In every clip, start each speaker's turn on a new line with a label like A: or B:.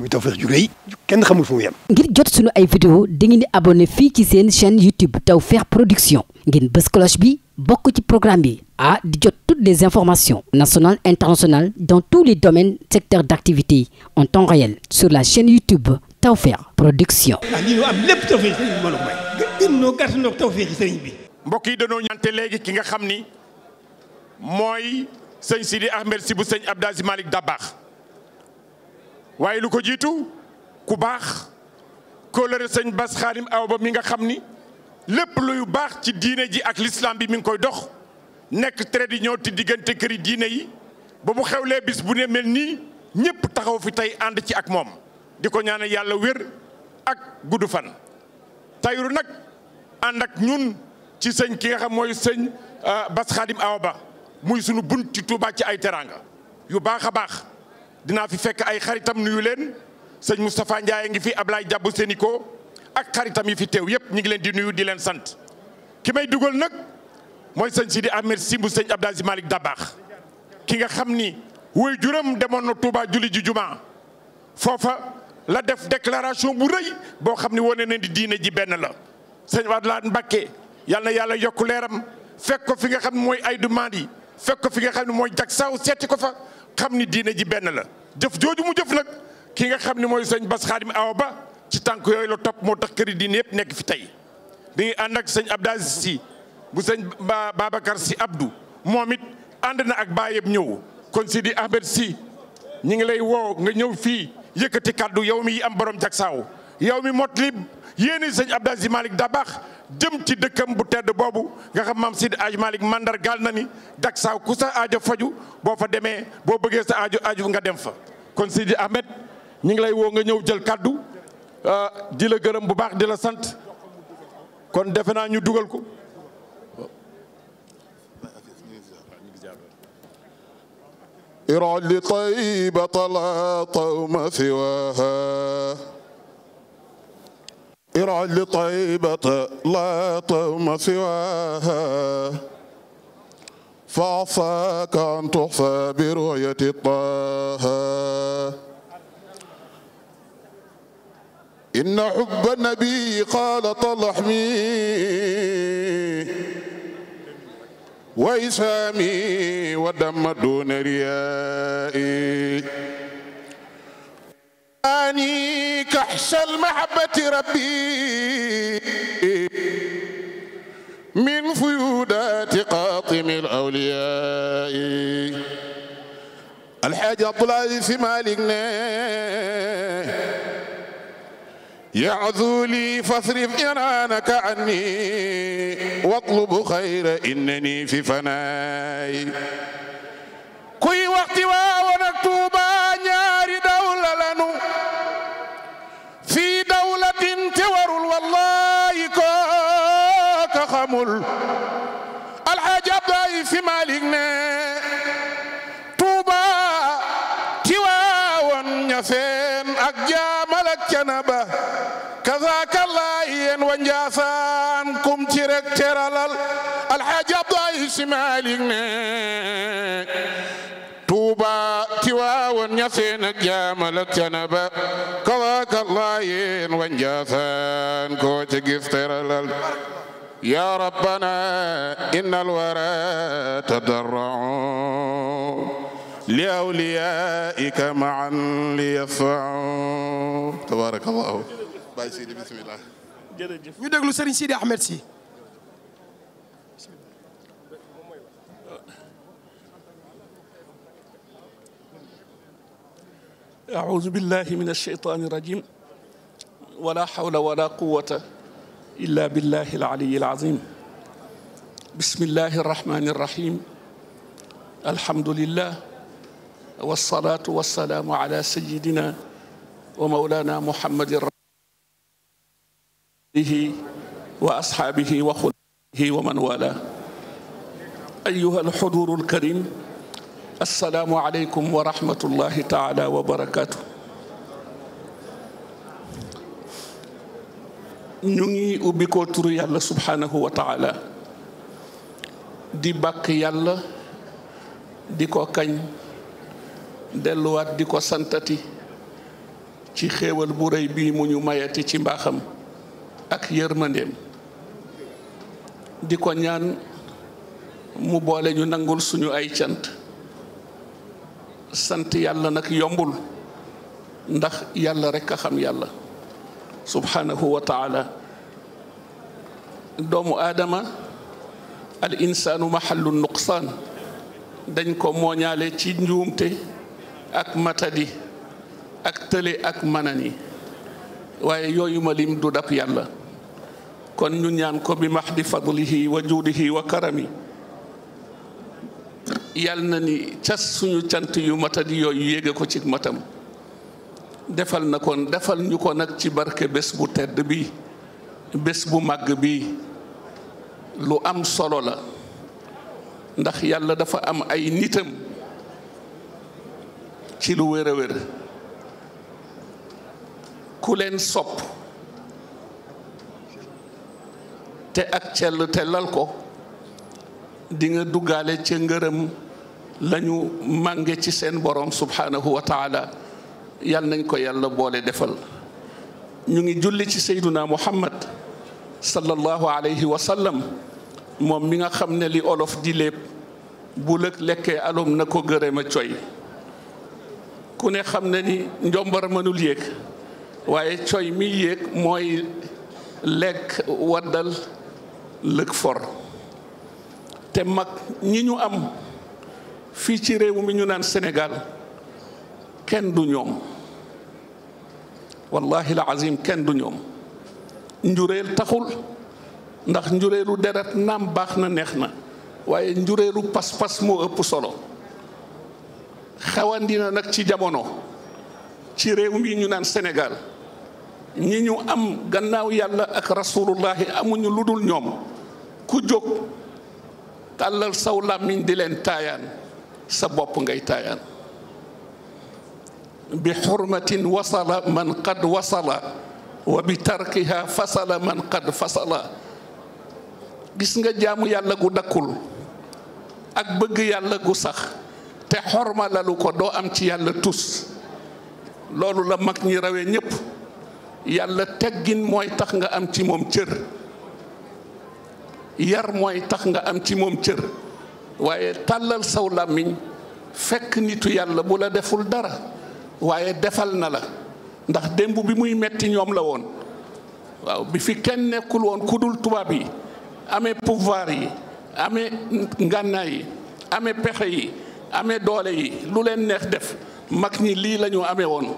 A: muy Tawfekh ju rëy kenn xamul fu ngir
B: jot sunu ay vidéo dangeen di abonné fii ci seen chaîne YouTube Tawfekh Production ngeen bës bi bokk ci programme bi ah di jot toutes les informations nationales internationales dans tous les domaines secteurs d'activité en temps réel sur la chaîne YouTube Tawfekh Production.
A: ah lii am lépp Tawfekh sëriñ bi may. gën noo gàtt noo Tawfekh ñante léegi ki nga xam ni mooy sëñ Sidi Ahmed si bu sëñ Abdou Aziz Malick waaye lu ko jiitu ku baax kóllëre sëñ Bass Xaadim Awa Ba mi nga xam ni lépp luy baax ci diine ji ak l'islam bi mi ngi koy dox nekk trait d'union ti diggante këri diine yi ba bu xewlee bis bu ne mel nii ñëpp taxaw fi tey ànd ci ak moom di ko ñaane yàlla wér ak gudd fan tayru nag ànd ak ñun ci sëñ ki nga xam mooy sëñ euh, Bass Xaadim Awa Ba muy sunu bunt ci Tuubaa ci ay teraanga yu baax a baax dinaa fi fekk ay xaritam nuyu leen sëñ Moustapha Ndiaye ngi fi Ablaye Diabou Sénico ak xaritam yi fi teew yëpp ñu ngi leen di nuyu di leen sant ki may dugal nag mooy sëñ si Ahmed Sy bu sëñ Abdou Aziz Malick Dabakh ki nga xam ni woy juram demoon na Touba julli ji jumaa foofa la def declaration bu rëy boo xam ni wane na di diine ji benn la sëñ Abdoulaye Mbacké yàlla yàlla yokk leeram fekk ko fi nga xam ne mooy ay du maand yi fekk ko fi nga xam ne mooy jag saaw seeti ko fa xam ni diine ji benn la jëf jooju mu jëf nag ki nga xam ne mooy sañ Bass Khadim Awa Ba ci tànk yooyu la topp moo tax këri diine yëpp nekk fi tey mi ngi ànd ak sëñ Abdou Aziz Sy bu sëñ Babacar Sy Abdou moom it ànd na ak baayam ñëw kon Sidi Ahmed si ñi ngi lay woo nga ñëw fii yëkkati kàddu yow mi yi am borom jagsaaw yow mi mot li yéeni sëñ Abdou Aziz Malick da baax jëm ci dëkkam bu tedd boobu nga xam maam Sidi Aj Malik mandargaal na ni Daksaaw ku sa aajo faju boo fa demee boo bëggee sa aajo aajo nga dem fa. kon Sidi Ahmed ñu ngi lay woo nga ñëw jël kàddu euh, dila gërëm bu baax di la sant kon defe naa ñu dugal ko.
B: ارعد لطيبة لا طوم سواها ارعد لطيبة لا طم سواها فعصاك أن تحصى برؤية طه إن حب النبي قال طلحمي وإسامي ودم دون ريائي أني عطش المحبة ربي من فيودات قاطم الأولياء الحاج عبد العزيز مالك يعذو لي فاصرف إرانك عني واطلب خير إنني في فناي كل وقت وقت alxaaji Abdoulaye Si Maalik ne Tuuba Tiwaawan Ñaseen ak Jaamal ak Canaba kazaakallaa yéen wa Njaasaan kum ci rek teralal alxaaji Abdoulaye Si Maalik ne Tuuba Tiwaawan Ñaseen ak Jaamal ak Canaba kazaakallaa yéen wa Njaasaan koo ci gis teralal يا ربنا إن الورى تضرعوا لأوليائك معا ليصفعوا تبارك الله باي سيدي بسم الله
A: jërëjëf ñu déglu Serigne Sidi Ahmed
B: Sy
C: أعوذ بالله من الشيطان الرجيم ولا حول ولا قوة illa billahi alaliyi alazim bismillahi arrahmani irrahim alhamdulillah walsalatu walsalaamu ala sayidina wa maulana muhammadin alihi wa ashaabihi wa xulaihi wa man wala ayyuha alxuduru alkarim assalaamu aleykum wa rahmatullahi taala wa barakatuh ñu ngi ubbi ko turu yàlla subhanahu wa taala di bàkk yàlla di ko kañ delluwaat di ko santati ci xéewal bu rëy bii mu ñu mayati ci mbaaxam ak yërmandeem di ko ñaan mu boole ñu nangul suñu ay cant sant yàlla nag yombul ndax yàlla rekk a xam yàlla subhanahu wa taala doomu aadama al insaanu mahallu nuqsaan dañ ko mooñaale ci njuumte ak matadi ak tële ak manani waaye yooyu ma lim du dab yàlla kon ñu ñaan ko bi mahdi fadlihi wa juudihi wa karami yàlla na ni cas suñu cant yu matadi yooyu yéege ko ci matam defal na ko defal ñu ko nag ci barke bés bu tedd bi bés bu màgg bi lu am solo la ndax yàlla dafa am ay nitam ci lu wér wér ku leen sopp te ak cell te ko dinga nga duggaale ca ngërëm lañu mànge ci seen borom subhanahu wa yàlla nañ ko yàlla boole defal ñu ngi julli ci sayduna muhammad sallallahu alayhi wa sallam moom mi nga xam ne li olof di lépp bu lëg lekkee alum na ko gërëm ma coy ku ne xam ne ni njombar mënul yéeg waaye coy mi yéeg mooy lekk waddal lëg for te mag ñi ñu am fii ci réew mi ñu naan senegal kenn du ñoom wallahi la azim kenn du ñoom njureel taxul ndax njureelu deret naam baax na neex na waaye njureelu pas-pas moo ëpp solo xewandina nag ci jamono ci réew mi ñu naan Sénégal ñi ñu am gannaaw yàlla ak rasulullahi amuñu lu dul ñoom ku jóg tàllal saw làmmiñ di leen taayaan sa bopp ngay taayaan بحرمة وصل من قد وصل وبتركها fasala man qad fasala gis nga jaamu yàlla gu dakkul ak bëgg yàlla gu sax te xorma ko doo am ci yàlla tus loolu la mag ñi rawee ñépp yàlla teggin mooy tax nga am ci moom cër yar mooy tax nga am ci moom cër waaye tàllal saw làmmiñ fekk nitu yàlla bu la deful dara waaye defal na la ndax démb bi muy metti ñoom la woon waaw bi fi kenn nekkul woon ku dul tubaab yi amee pouvoir yi amee ngànnaay yi ame pexe yi amee doole yi lu leen neex def mag ñi lii lañu ñu woon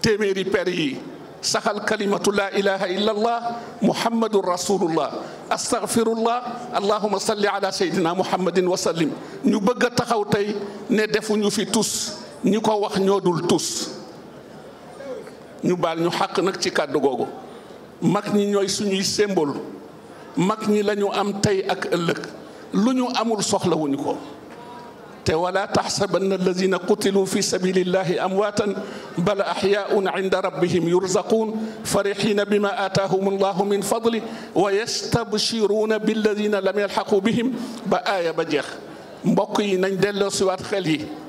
C: téeméeri per yi saxal kalimatu laa mu illa allah muhammadun rasulullah astaghfirullah allahuma salli ala sayyidina muhammadin wa sallim ñu bëgg taxaw tey ne defuñu fi tus ñi ko wax ñoo dul tus ñu baal ñu xàq nag ci kàddu googu mag ñi ñooy suñuy symbole mag ñi lañu am tey ak ëllëg lu ñu amul soxlawuñu ko te wala taxsabanna alladina qutilu fi sabilillahi amwaatan bal axyaun inda rabbihim yurzaquun farixina bima aataahum allahu min fadli wa yastabshiruuna billadina lam yalxaqu bihim ba aaya ba jeex mbokk yi nañ delloo siwaat xel yi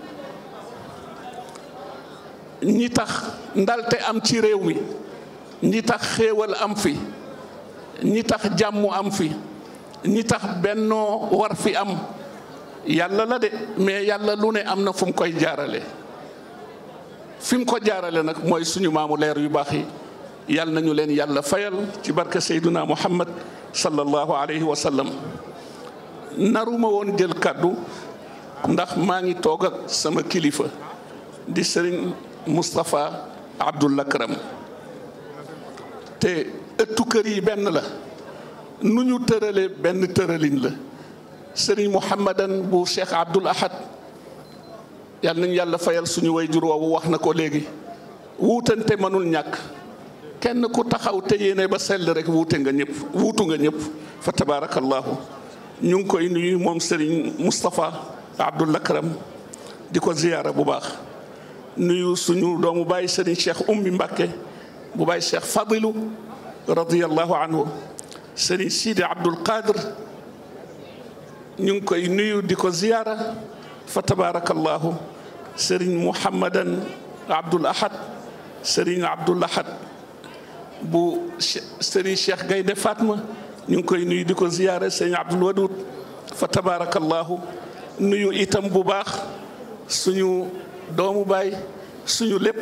C: ñi tax ndalte am ci réew mi ñi tax xéewal am fi ñi tax jàmmu am fi ñi tax bennoo war fi am yàlla la de mais yàlla lu ne am na fu mu koy jaarale fi ko jaarale nag mooy suñu maamu leer yu baax yi yàlla nañu leen yàlla fayal ci barke sayduna muhammad sallallahu alayhi wa sallam naruma woon jël kàddu ndax maa ngi toog ak sama kilifa di sëriñ Moustapha Abdoul Lakram te ëttu kër yi benn la nu ñu tërale benn tëralin la sëriñ Mouhamadan bu Cheikh Abdoul Ahad yal nañu yàlla fayal suñu wayjur woowu wax na ko léegi wuutante mënul ñàkk kenn ku taxaw te yéene ba sell rek wuute nga ñëpp wuutu nga ñëpp fa tabaarakallaahu ñu ngi koy nuyu moom sëriñ Moustapha Abdoul Lakram di ko ziyaara bu baax nuyu suñu doomu baay sëriñ cheikh ummi mbàkke bu baay cheikh fadilu radiallahu anhu sëriñ sidi abdul qadir ñu ngi koy nuyu di ko ziyaara fa tabarakallahu sëriñ muhammadan abdul ahad sëriñ abdul ahad bu sëriñ cheikh gaynde fatma ñu ngi koy nuyu di ko ziyaara sëriñ abdul wadud fa tabarakallahu nuyu itam bu baax suñu doomu baay suñu lépp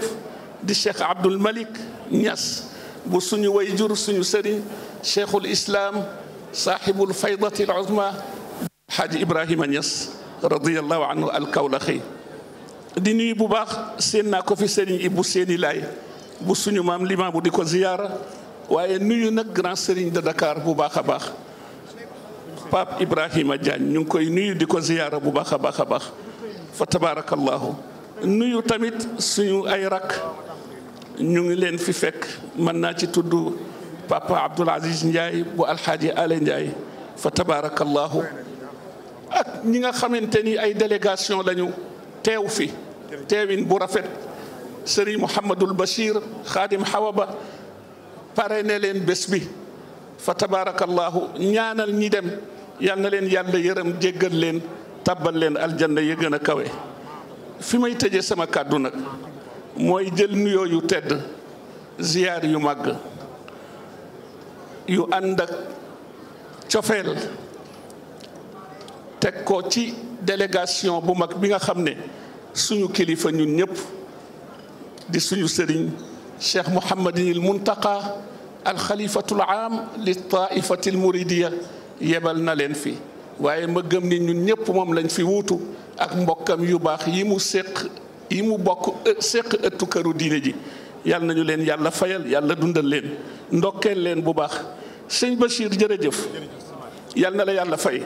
C: di cheikh Abdul Malik Niass bu suñu way jur suñu sëriñ cheikhul islam saaxibul faydati al uzma xaaji Ibrahima Niass radiallahu anhu alkawlaxi di nuyu bu baax seen naa ko fi sëriñ Ibou Séni Laay bu suñu maam bu di ko ziyaara waaye nuyu nag grand sëriñ da dakaar bu baax a baax Pape Ibrahima Diagne ñu ngi koy nuyu di ko ziyaara bu baax a baax a baax fa tabarakallahu nuyu tamit suñu ay rak ñu ngi leen fi fekk mën naa ci tudd papa Abdoul Aziz Ndiaye bu alxaaji Ale Ndiaye fa tabarakallahu ak ñi nga xamante ni ay délégation lañu teew fi teewin bu rafet Serigne Mouhamadul Bachir Khadim Hawa Ba pare ne leen bés bi fa tabarakallahu ñaanal ñi dem yal na leen yàlla yërëm jéggal leen tabal leen aljanna yi gën a kawe fi may tëje sama kàddu nag mooy jël nuyoo yu tedd ziyaar yu màgg yu ànd ak cofeel teg ko ci délégation bu mag bi nga xam ne suñu kilifa ñun ñëpp di suñu sëriñ cheikh mouhamadinil muntaqa alxalifatul aam li taifati l muridiya yebal na leen fii waaye mbëggam gëm ñun ñëpp moom lañ fi wuutu ak mbokkam yu baax yi mu séq yi mu bokk e, séq ëttu këru diine ji yàlla nañu leen yàlla fayal yàlla dundal leen ndokkeel leen bu baax sëñ Bachir jërëjëf yàlla na la yàlla fay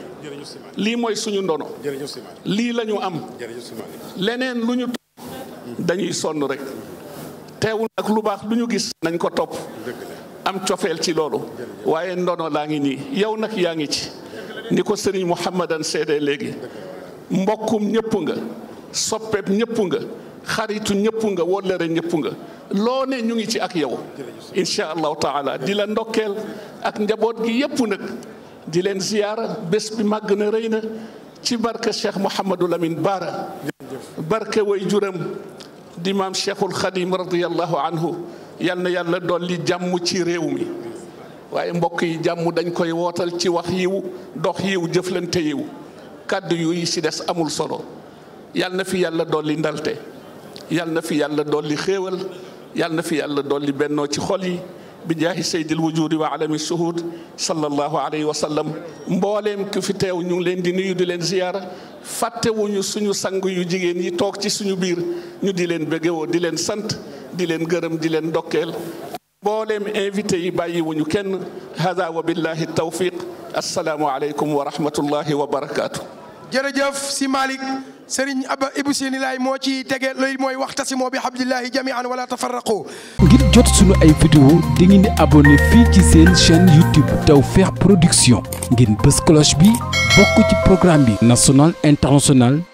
C: lii mooy suñu ndono lii lañu ñu am leneen lu ñu dañuy sonn rek teewul ak lu baax lu ñu gis nañ ko topp am cofeel ci loolu waaye ndono laa ngi nii yow nag yaa ngi ci ni ko sëriñ Mouhamadan seede léegi mbokkum ñëpp nga soppeeb ñëpp nga xaritu ñëpp nga wollare ñëpp nga loo ne ñu ngi ci ak yow incha allahu taala di la ndokkeel ak njaboot gi yëpp nag di leen ziyaara bés bi màgg na rëy na ci barke cheikh Mouhamadou Lamine Baara barke way juram di maam cheikhul Khadim radiyallahu anhu yal na yàlla dolli jàmm ci réew mi waaye mbokk yi jàmm dañ koy wootal ci wax yiw dox yiw jëflante yiw kàddu yu si des amul solo yàlla na fi yàlla dolli ndalte yal na fi yàlla dolli xéewal yàlla na fi yàlla dolli bennoo ci xol yi bi jaahi saydil wujudi wa alami shuhud sallallahu alayhi wa sallam mbooleem ku fi teew ñu ngi leen di nuyu di leen ziyaara fàttewuñu suñu sang yu jigéen yi toog ci suñu biir ñu di leen bëggewoo di leen sant di leen gërëm di leen ndokkeel boo mbooleem invité yi bàyyi wuñu kenn hada wa billahi tawfiq asalaamu aleykum wa rahmatullahi wa barakaatu. jërëjëf si Malick Serigne Aba
A: Ibou Sini Laay moo ci tege loolu mooy waxtasimoo bi hablillahi jamian wala tafarraqu ngir jot sunu ay vidéo di ngeen di abonné fii ci seen chaîne YouTube Tawfekh Production ngeen bës cloche bi bokk ci programme bi national international